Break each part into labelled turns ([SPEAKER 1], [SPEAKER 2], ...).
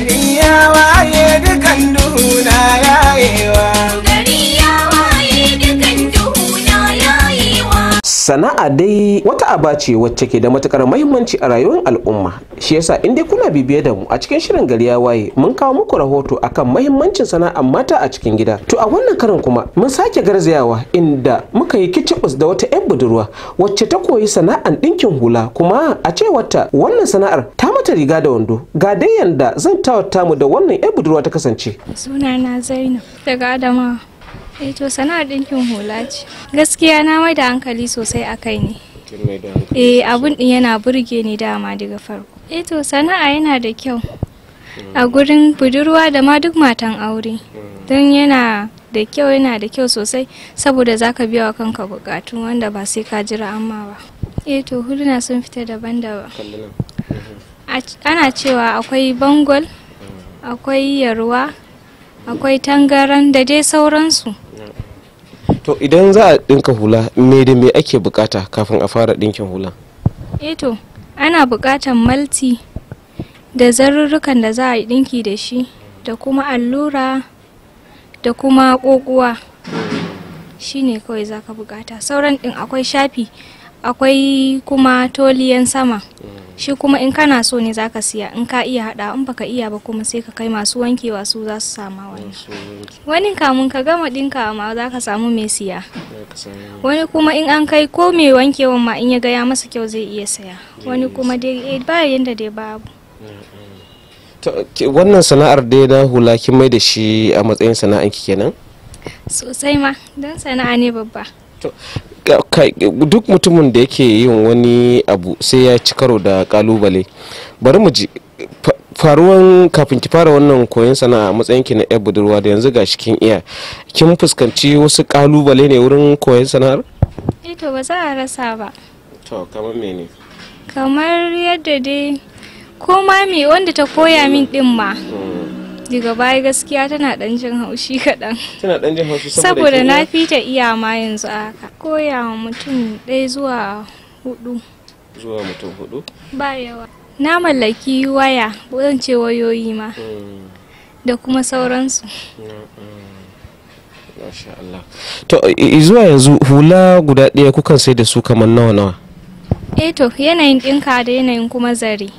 [SPEAKER 1] Yeah.
[SPEAKER 2] sana'a dai wata aba ce wacce ke da matukar mahimmanci a rayuwar al'umma shi yasa in dai kuna bibiye da mu a cikin shirin gari ya waye mun kawo muku rahoto akan mahimmancin sana'a mata a cikin gida to a wannan karin kuma mun sake garzayawa inda muka yi kicibus da wata yan budurwa wacce ta koyi sana'ar ɗinkin hula kuma a ce wata wannan sana'ar ta mata riga da wando ga dai yanda zan tawata mu da wannan yan budurwa ta kasance
[SPEAKER 1] sunana zainab daga adama eh to sana'ar ɗinkin hula ce gaskiya na mai da hankali sosai a kai ne eh abun ɗin yana burge ni dama daga farko eh to sana'a yana da kyau hmm. a gurin budurwa da ma duk matan aure hmm. don yana da kyau yana da kyau sosai saboda zaka biya wa kanka bukatu wanda ba sai ka jira amma ba eh to huluna sun fita daban-daban ana cewa akwai bangol hmm. akwai yarwa akwai tangaran da dai sauransu
[SPEAKER 2] to idan za a dinka hula me da me ake bukata kafin a fara dinkin hula
[SPEAKER 1] eh to ana bukatan malti da zarurrukan da za a yi ɗinki da shi da kuma allura da kuma ƙoƙuwa shine kawai za ka bukata sauran ɗin akwai shafi akwai kuma toliyan sama mm. shi kuma in kana so ne za ka siya in ka iya hada in baka iya ba kuma sai ka kai masu wankewa su za su sama wani wani kamun ka gama dinka ma za ka samu mai siya wani kuma in an kai ko mai wankewan ma in ya gaya masa kyau zai iya saya wani kuma dai eh, ba da dai babu
[SPEAKER 2] wannan sana'ar dai na hula kin mai da shi a matsayin sana'an kenan
[SPEAKER 1] sosai ma don sana'a ne babba
[SPEAKER 2] duk mutumin da yake yin wani abu sai ya ci karo da kalubale bari mu ji faruwan kafin ki fara wannan koyon sana'a matsayin ki na yar budurwa da yanzu ga kin iya kin fuskanci wasu kalubale ne wurin koyon sana'ar
[SPEAKER 1] E, to ba za a rasa ba
[SPEAKER 2] to kamar mene
[SPEAKER 1] kamar yadda dai ko ma me wanda ta koya min din ma
[SPEAKER 2] hmm.
[SPEAKER 1] daga baya gaskiya tana dan jin haushi kaɗan.
[SPEAKER 2] tana dan jin haushi saboda na
[SPEAKER 1] fita iya ma yanzu haka koya wa mutum ɗaya zuwa hudu
[SPEAKER 2] zuwa mutum hudu
[SPEAKER 1] ba yawa na mallaki waya zan ce wayoyi ma hmm. da kuma sauransu
[SPEAKER 2] hmm, hmm. to zuwa yanzu hula guda ɗaya kukan sai da su kamar nawa nawa
[SPEAKER 1] eh to yanayin ɗinka da yanayin kuma zare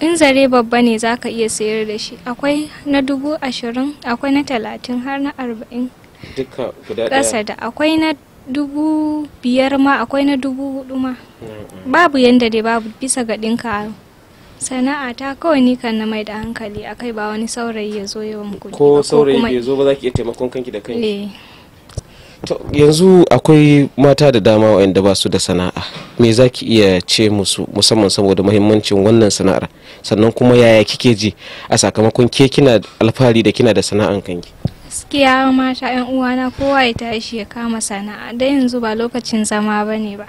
[SPEAKER 1] in zare babba ne za ka iya sayar da shi akwai na dubu ashirin akwai na talatin har na arba'in
[SPEAKER 2] duka guda daya ƙasa da
[SPEAKER 1] akwai na dubu biyar ma akwai na dubu hudu ma babu yanda dai babu bisa ga dinka sana'a ta kawai ni kan na mai da hankali akai ba wani saurayi ya zo yawan kuɗi ko saurayi ya
[SPEAKER 2] zo ba za ki iya taimakon kanki da kanki eh. to yanzu akwai mata da dama wa'anda ba su da sana'a me za ki iya ce musu musamman saboda mahimmancin wannan sana'ar sannan kuma yaya kike ji a sakamakon ke kina alfahari da kina da sana'an kanki
[SPEAKER 1] gaskiya mata yan uwana kowa ya tashi ya kama sana'a da yanzu ba lokacin zama ba ne ba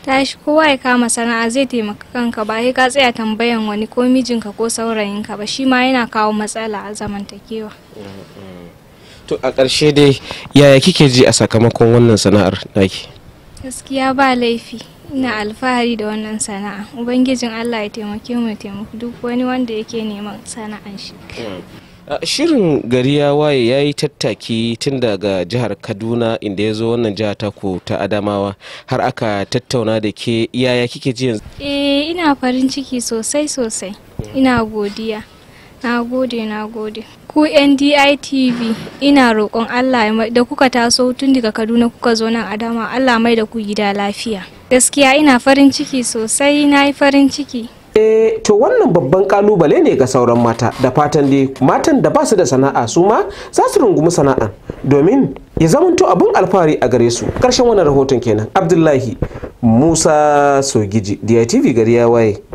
[SPEAKER 1] tashi kowa ya kama sana'a zai taimaka kanka ba ka tsaya tambayan wani ko mijinka ko saurayinka ba shi ma yana kawo matsala a zamantakewa
[SPEAKER 2] to a ƙarshe dai yaya kike ji a sakamakon wannan sana'ar naki
[SPEAKER 1] gaskiya ba laifi ina alfahari da wannan sana'a ubangijin allah ya taimake mu taimaki duk wani wanda yake neman sana'an shi
[SPEAKER 2] mm. shirin gari ya waye ya yi tattaki tun daga jihar kaduna inda ya zo wannan jiha taku ta adamawa har aka tattauna da ke yaya kike ji yanzu
[SPEAKER 1] eh ina farin ciki sosai sosai ina godiya na gode na gode ku nditv ina roƙon allah da kuka taso tun daga kaduna kuka zo nan adama allah mai da ku gida lafiya gaskiya ina farin ciki sosai na yi farin ciki
[SPEAKER 2] to wannan babban kalubale ne ga sauran mata da fatan dai matan da ba su da sana'a su ma za su rungumi sana'a domin ya zamanto abin alfahari a gare su karshen wannan rahoton kenan abdullahi musa sogiji tv gari ya waye